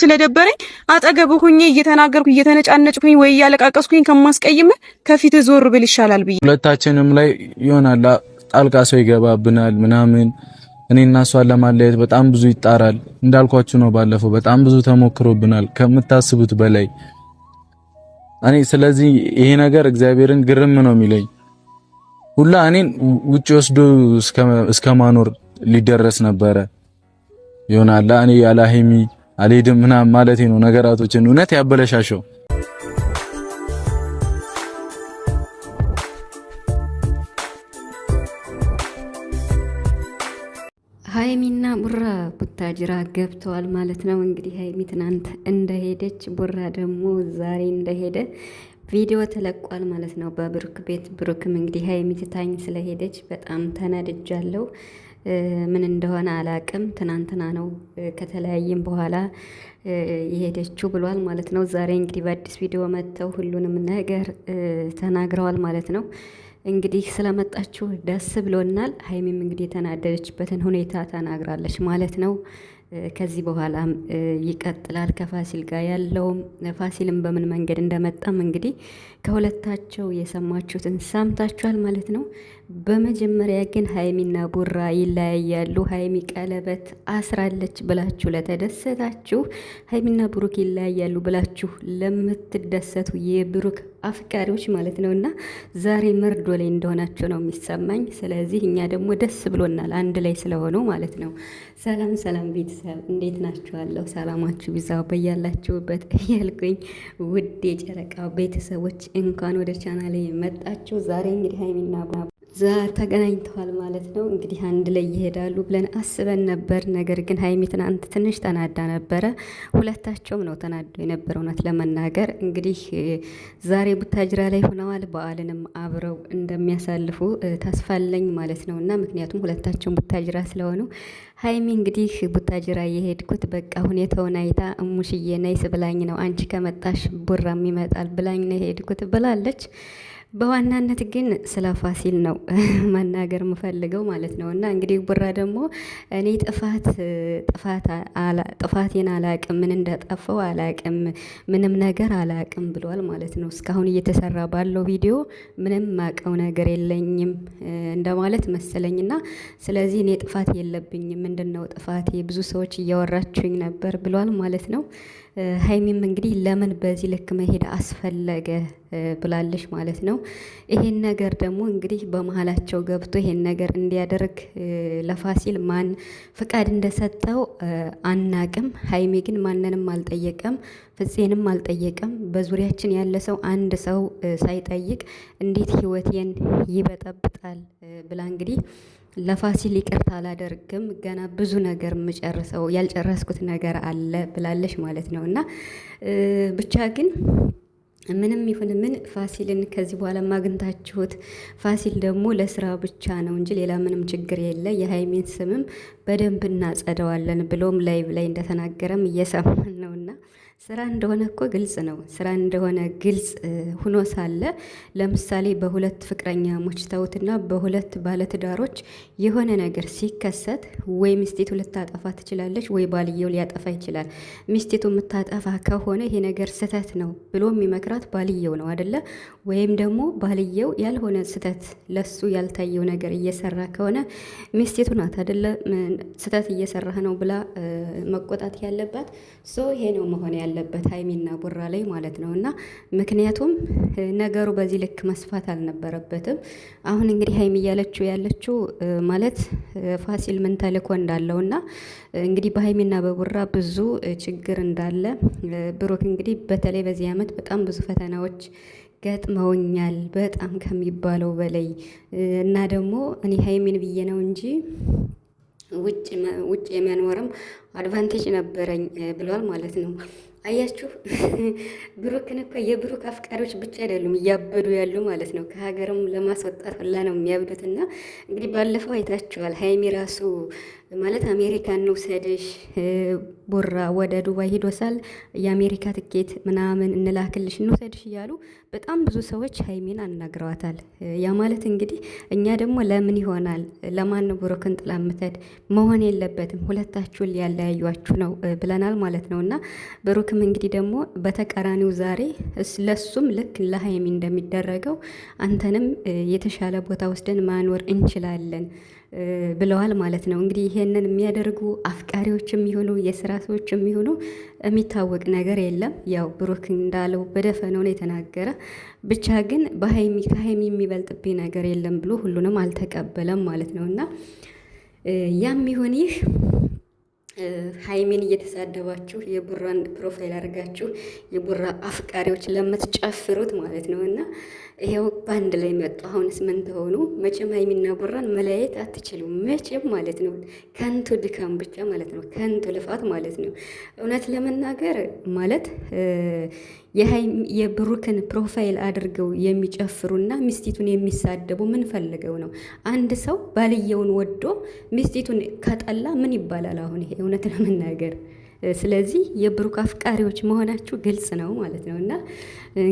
ስለደበረኝ አጠገብ ሁኜ እየተናገርኩ እየተነጫነጭኩኝ ወይ እያለቃቀስኩኝ ከማስቀይም ከፊት ዞር ብል ይሻላል ብዬ ሁለታችንም ላይ ይሆናል ጣልቃ ሰው ይገባብናል ምናምን እኔ እና እሷን ለማለየት በጣም ብዙ ይጣራል። እንዳልኳችሁ ነው፣ ባለፈው በጣም ብዙ ተሞክሮብናል ከምታስቡት በላይ እኔ ስለዚህ ይሄ ነገር እግዚአብሔርን ግርም ነው የሚለኝ ሁላ እኔን ውጭ ወስዶ እስከ ማኖር ሊደረስ ነበረ ይሆናል እኔ ያለ ሀይሚ አልሄድም ምናምን ማለቴ ነው። ነገራቶችን እውነት ያበለሻሸው ሀይሚና ቡራ ቡታጅራ ገብተዋል ማለት ነው። እንግዲህ ሀይሚ ትናንት እንደሄደች ቡራ ደግሞ ዛሬ እንደሄደ ቪዲዮ ተለቋል ማለት ነው በብሩክ ቤት። ብሩክም እንግዲህ ሀይሚ ትታኝ ስለሄደች በጣም ተናድጃለሁ ምን እንደሆነ አላቅም። ትናንትና ነው ከተለያየም በኋላ የሄደችው ብሏል ማለት ነው። ዛሬ እንግዲህ በአዲስ ቪዲዮ መጥተው ሁሉንም ነገር ተናግረዋል ማለት ነው። እንግዲህ ስለመጣችሁ ደስ ብሎናል። ሀይሚም እንግዲህ የተናደደችበትን ሁኔታ ተናግራለች ማለት ነው። ከዚህ በኋላም ይቀጥላል ከፋሲል ጋር ያለውም። ፋሲልም በምን መንገድ እንደመጣም እንግዲህ ከሁለታቸው የሰማችሁትን ሰምታችኋል ማለት ነው። በመጀመሪያ ግን ሀይሚና ቡራ ይለያያሉ። ሀይሚ ቀለበት አስራለች ብላችሁ ለተደሰታችሁ፣ ሀይሚና ብሩክ ይለያያሉ ብላችሁ ለምትደሰቱ የብሩክ አፍቃሪዎች ማለት ነው። እና ዛሬ መርዶ ላይ እንደሆናቸው ነው የሚሰማኝ። ስለዚህ እኛ ደግሞ ደስ ብሎናል አንድ ላይ ስለሆኑ ማለት ነው። ሰላም ሰላም ቤተሰብ እንዴት ናችኋለሁ? ሰላማችሁ ብዛው በያላችሁበት እያልኩኝ ውድ የጨረቃ ቤተሰቦች እንኳን ወደ ቻናሌ መጣችሁ። ዛሬ እንግዲህ ሀይሚና ተገናኝተዋል ማለት ነው። እንግዲህ አንድ ላይ ይሄዳሉ ብለን አስበን ነበር። ነገር ግን ሀይሚ ትናንት ትንሽ ተናዳ ነበረ። ሁለታቸውም ነው ተናዶ የነበረ እውነት ለመናገር እንግዲህ ዛሬ ቡታጅራ ላይ ሆነዋል። በዓልንም አብረው እንደሚያሳልፉ ተስፋለኝ ማለት ነው እና ምክንያቱም ሁለታቸውም ቡታጅራ ስለሆኑ ሀይሚ እንግዲህ ቡታጅራ የሄድኩት በቃ ሁኔታውን አይታ እሙሽዬ ነይስ ብላኝ ነው አንቺ ከመጣሽ ቡራም ይመጣል ብላኝ ነው የሄድኩት ብላለች። በዋናነት ግን ስለ ፋሲል ነው መናገር የምፈልገው ማለት ነው። እና እንግዲህ ቡራ ደግሞ እኔ ጥፋት ጥፋቴን አላቅም፣ ምን እንደጠፋው አላቅም፣ ምንም ነገር አላቅም ብሏል ማለት ነው። እስካሁን እየተሰራ ባለው ቪዲዮ ምንም ማቀው ነገር የለኝም እንደማለት መሰለኝ። እና ስለዚህ እኔ ጥፋት የለብኝም፣ ምንድን ነው ጥፋቴ? ብዙ ሰዎች እያወራችሁኝ ነበር ብሏል ማለት ነው። ሀይሚም እንግዲህ ለምን በዚህ ልክ መሄድ አስፈለገ ብላለች ማለት ነው። ይሄን ነገር ደግሞ እንግዲህ በመሀላቸው ገብቶ ይሄን ነገር እንዲያደርግ ለፋሲል ማን ፍቃድ እንደሰጠው አናቅም። ሀይሜ ግን ማንንም አልጠየቀም፣ ፍፄንም አልጠየቀም። በዙሪያችን ያለ ሰው አንድ ሰው ሳይጠይቅ እንዴት ህይወቴን ይበጠብጣል ብላ እንግዲህ ለፋሲል ይቅርታ አላደርግም ገና ብዙ ነገር የምጨርሰው ያልጨረስኩት ነገር አለ ብላለች ማለት ነው። እና ብቻ ግን ምንም ይሁን ምን ፋሲልን ከዚህ በኋላ ማግኝታችሁት፣ ፋሲል ደግሞ ለስራ ብቻ ነው እንጂ ሌላ ምንም ችግር የለ፣ የሀይሜን ስምም በደንብ እናጸደዋለን ብሎም ላይቭ ላይ እንደተናገረም እየሰማን ነውና ስራ እንደሆነ እኮ ግልጽ ነው። ስራ እንደሆነ ግልጽ ሁኖ ሳለ ለምሳሌ በሁለት ፍቅረኛ ሞችተውትና በሁለት ባለትዳሮች የሆነ ነገር ሲከሰት ወይ ሚስቴቱ ልታጠፋ ትችላለች፣ ወይ ባልየው ሊያጠፋ ይችላል። ሚስቴቱ የምታጠፋ ከሆነ ይሄ ነገር ስህተት ነው ብሎ የሚመክራት ባልየው ነው አደለ? ወይም ደግሞ ባልየው ያልሆነ ስህተት ለሱ ያልታየው ነገር እየሰራ ከሆነ ሚስቴቱ ናት አደለ? ስህተት እየሰራህ ነው ብላ መቆጣት ያለባት። ሶ ይሄ ነው መሆን ያለ ያለበት ሀይሚና ቡራ ላይ ማለት ነው። እና ምክንያቱም ነገሩ በዚህ ልክ መስፋት አልነበረበትም። አሁን እንግዲህ ሀይሚ እያለችው ያለችው ማለት ፋሲል ምን ተልእኮ እንዳለው እና እንግዲህ በሀይሚና በቡራ ብዙ ችግር እንዳለ ብሩክ እንግዲህ በተለይ በዚህ ዓመት በጣም ብዙ ፈተናዎች ገጥመውኛል በጣም ከሚባለው በላይ እና ደግሞ እኔ ሀይሚን ብዬ ነው እንጂ ውጭ የመኖርም አድቫንቴጅ ነበረኝ ብሏል ማለት ነው። አያችሁ ብሩክን እኮ የብሩክ አፍቃሪዎች ብቻ አይደሉም እያበዱ ያሉ ማለት ነው። ከሀገርም ለማስወጣት ሁላ ነው የሚያብዱትና እንግዲህ ባለፈው አይታችኋል ሀይሚ ራሱ ማለት አሜሪካ እንውሰድሽ፣ ቡራ ወደ ዱባይ ሂዶሳል የአሜሪካ ትኬት ምናምን እንላክልሽ እንውሰድሽ እያሉ በጣም ብዙ ሰዎች ሀይሚን አናግረዋታል። ያ ማለት እንግዲህ እኛ ደግሞ ለምን ይሆናል ለማን ብሩክን ጥላ መሆን የለበትም ሁለታችሁን ሊያለያዩችሁ ነው ብለናል ማለት ነው። እና ብሩክም እንግዲህ ደግሞ በተቃራኒው ዛሬ ለሱም ልክ ለሀይሜ እንደሚደረገው አንተንም የተሻለ ቦታ ወስደን ማኖር እንችላለን ብለዋል ማለት ነው እንግዲህ ይሄንን የሚያደርጉ አፍቃሪዎች የሚሆኑ የስራ ሰዎች የሚሆኑ የሚታወቅ ነገር የለም። ያው ብሩክ እንዳለው በደፈነው ነው የተናገረ። ብቻ ግን በሀይሚ ከሀይሚ የሚበልጥብኝ ነገር የለም ብሎ ሁሉንም አልተቀበለም ማለት ነው እና ያም ይሁን ይህ ሀይሜን እየተሳደባችሁ የቡራን ፕሮፋይል አድርጋችሁ የቡራ አፍቃሪዎች ለምትጨፍሩት ማለት ነው። እና ይኸው በአንድ ላይ መጡ። አሁንስ ምን ተሆኑ? መቼም ሀይሚና ቡራን መለያየት አትችሉም። መቼም ማለት ነው። ከንቱ ድካም ብቻ ማለት ነው። ከንቱ ልፋት ማለት ነው። እውነት ለመናገር ማለት የብሩክን ፕሮፋይል አድርገው የሚጨፍሩና ሚስቲቱን የሚሳደቡ ምን ፈልገው ነው? አንድ ሰው ባልየውን ወዶ ሚስቲቱን ከጠላ ምን ይባላል? አሁን ይሄ እውነት ለመናገር ስለዚህ የብሩክ አፍቃሪዎች መሆናችሁ ግልጽ ነው ማለት ነው። እና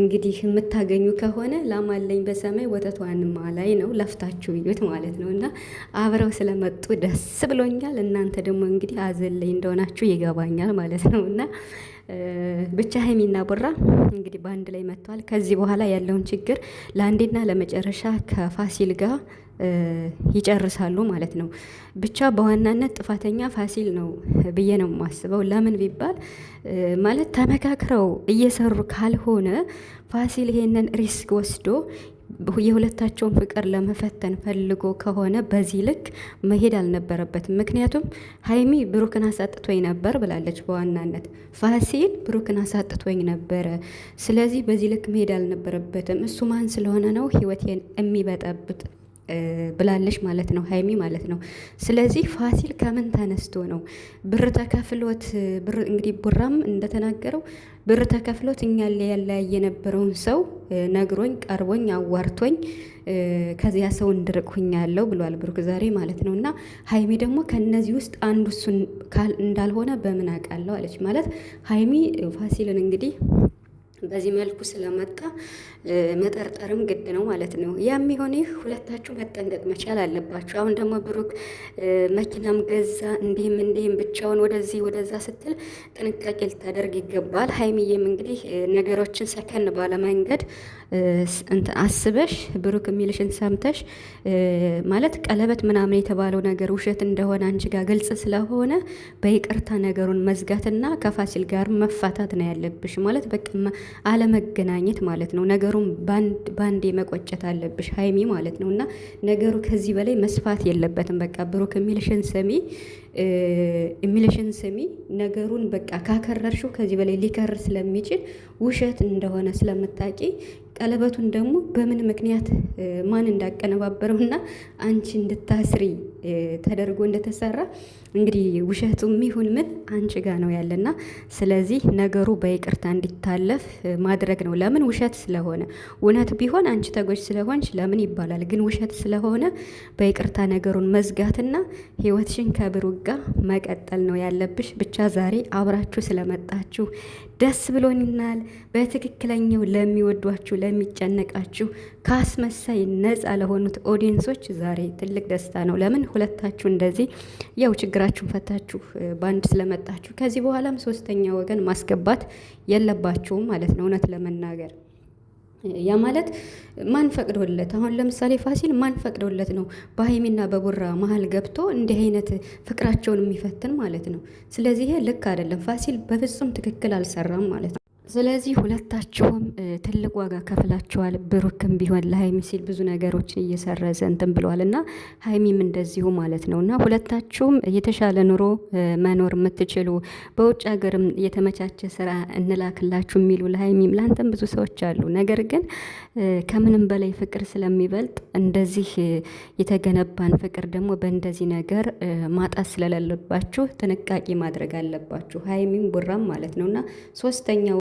እንግዲህ የምታገኙ ከሆነ ላማለኝ በሰማይ ወተቷንማ ላይ ነው ለፍታችሁ እዩት ማለት ነው። እና አብረው ስለመጡ ደስ ብሎኛል። እናንተ ደግሞ እንግዲህ አዘለኝ እንደሆናችሁ ይገባኛል ማለት ነው። እና ብቻ ሀይሚና ቡራ እንግዲህ በአንድ ላይ መጥተዋል። ከዚህ በኋላ ያለውን ችግር ለአንዴና ለመጨረሻ ከፋሲል ጋር ይጨርሳሉ ማለት ነው። ብቻ በዋናነት ጥፋተኛ ፋሲል ነው ብዬ ነው የማስበው። ለምን ቢባል ማለት ተመካክረው እየሰሩ ካልሆነ ፋሲል ይሄንን ሪስክ ወስዶ የሁለታቸውን ፍቅር ለመፈተን ፈልጎ ከሆነ በዚህ ልክ መሄድ አልነበረበትም። ምክንያቱም ሀይሚ ብሩክን አሳጥቶኝ ነበር ብላለች። በዋናነት ፋሲል ብሩክን አሳጥቶኝ ነበረ፣ ስለዚህ በዚህ ልክ መሄድ አልነበረበትም። እሱ ማን ስለሆነ ነው ህይወቴን የሚበጠብጥ ብላለች ማለት ነው፣ ሀይሚ ማለት ነው። ስለዚህ ፋሲል ከምን ተነስቶ ነው ብር ተከፍሎት? ብር እንግዲህ ቡራም እንደተናገረው ብር ተከፍሎት እኛ ያለያየ የነበረውን ሰው ነግሮኝ ቀርቦኝ አዋርቶኝ ከዚያ ሰው እንድርቅ ሁኛለሁ ብሏል ብሩክ ዛሬ ማለት ነው። እና ሀይሚ ደግሞ ከነዚህ ውስጥ አንዱ እሱን እንዳልሆነ በምን አውቃለሁ አለች ማለት ሀይሚ ፋሲልን እንግዲህ በዚህ መልኩ ስለመጣ መጠርጠርም ግድ ነው ማለት ነው። ያም የሆነ ሁለታችሁ መጠንቀቅ መቻል አለባችሁ። አሁን ደግሞ ብሩክ መኪናም ገዛ እንዲህም እንዲህም ብቻውን ወደዚህ ወደዛ ስትል ጥንቃቄ ልታደርግ ይገባል። ሀይሚዬም እንግዲህ ነገሮችን ሰከን ባለ መንገድ አስበሽ ብሩክ የሚልሽን ሰምተሽ ማለት ቀለበት ምናምን የተባለው ነገር ውሸት እንደሆነ አንቺ ጋር ግልጽ ስለሆነ በይቅርታ ነገሩን መዝጋትና ከፋሲል ጋር መፋታት ነው ያለብሽ ማለት በቃ አለመገናኘት ማለት ነው። ነገሩን ባንዴ መቆጨት አለብሽ ሀይሚ ማለት ነው። እና ነገሩ ከዚህ በላይ መስፋት የለበትም። በቃ ብሩክ የሚልሽን ስሚ የሚልሽን ስሚ። ነገሩን በቃ ካከረርሽው ከዚህ በላይ ሊከር ስለሚችል ውሸት እንደሆነ ስለምታቂ ቀለበቱን ደግሞ በምን ምክንያት ማን እንዳቀነባበረውና አንቺ እንድታስሪ ተደርጎ እንደተሰራ እንግዲህ ውሸቱም ይሁን ምን አንቺ ጋ ነው ያለና፣ ስለዚህ ነገሩ በይቅርታ እንዲታለፍ ማድረግ ነው። ለምን ውሸት ስለሆነ እውነት ቢሆን አንቺ ተጎጅ ስለሆንች ለምን ይባላል። ግን ውሸት ስለሆነ በይቅርታ ነገሩን መዝጋትና ህይወትሽን ከብሩክ ጋ መቀጠል ነው ያለብሽ። ብቻ ዛሬ አብራችሁ ስለመጣችሁ ደስ ብሎናል። በትክክለኛው ለሚወዷችሁ ለሚጨነቃችሁ፣ ከአስመሳይ ነፃ ለሆኑት ኦዲየንሶች ዛሬ ትልቅ ደስታ ነው። ለምን ሁለታችሁ እንደዚህ ያው ችግራችሁን ፈታችሁ በአንድ ስለመጣችሁ ከዚህ በኋላም ሶስተኛ ወገን ማስገባት የለባችሁም ማለት ነው እውነት ለመናገር ያ ማለት ማን ፈቅዶለት? አሁን ለምሳሌ ፋሲል ማን ፈቅዶለት ነው በሀይሚና በቡራ መሀል ገብቶ እንዲህ አይነት ፍቅራቸውን የሚፈትን ማለት ነው። ስለዚህ ልክ አይደለም። ፋሲል በፍጹም ትክክል አልሰራም ማለት ነው። ስለዚህ ሁለታችሁም ትልቅ ዋጋ ከፍላችኋል። ብሩክም ቢሆን ለሀይሚ ሲል ብዙ ነገሮችን እየሰረዘ እንትን ብለዋል እና ሀይሚም እንደዚሁ ማለት ነው እና ሁለታችሁም የተሻለ ኑሮ መኖር የምትችሉ በውጭ ሀገርም የተመቻቸ ስራ እንላክላችሁ የሚሉ ለሀይሚም ለአንተም ብዙ ሰዎች አሉ። ነገር ግን ከምንም በላይ ፍቅር ስለሚበልጥ እንደዚህ የተገነባን ፍቅር ደግሞ በእንደዚህ ነገር ማጣት ስለሌለባችሁ ጥንቃቄ ማድረግ አለባችሁ። ሀይሚም ቡራም ማለት ነው እና ሶስተኛው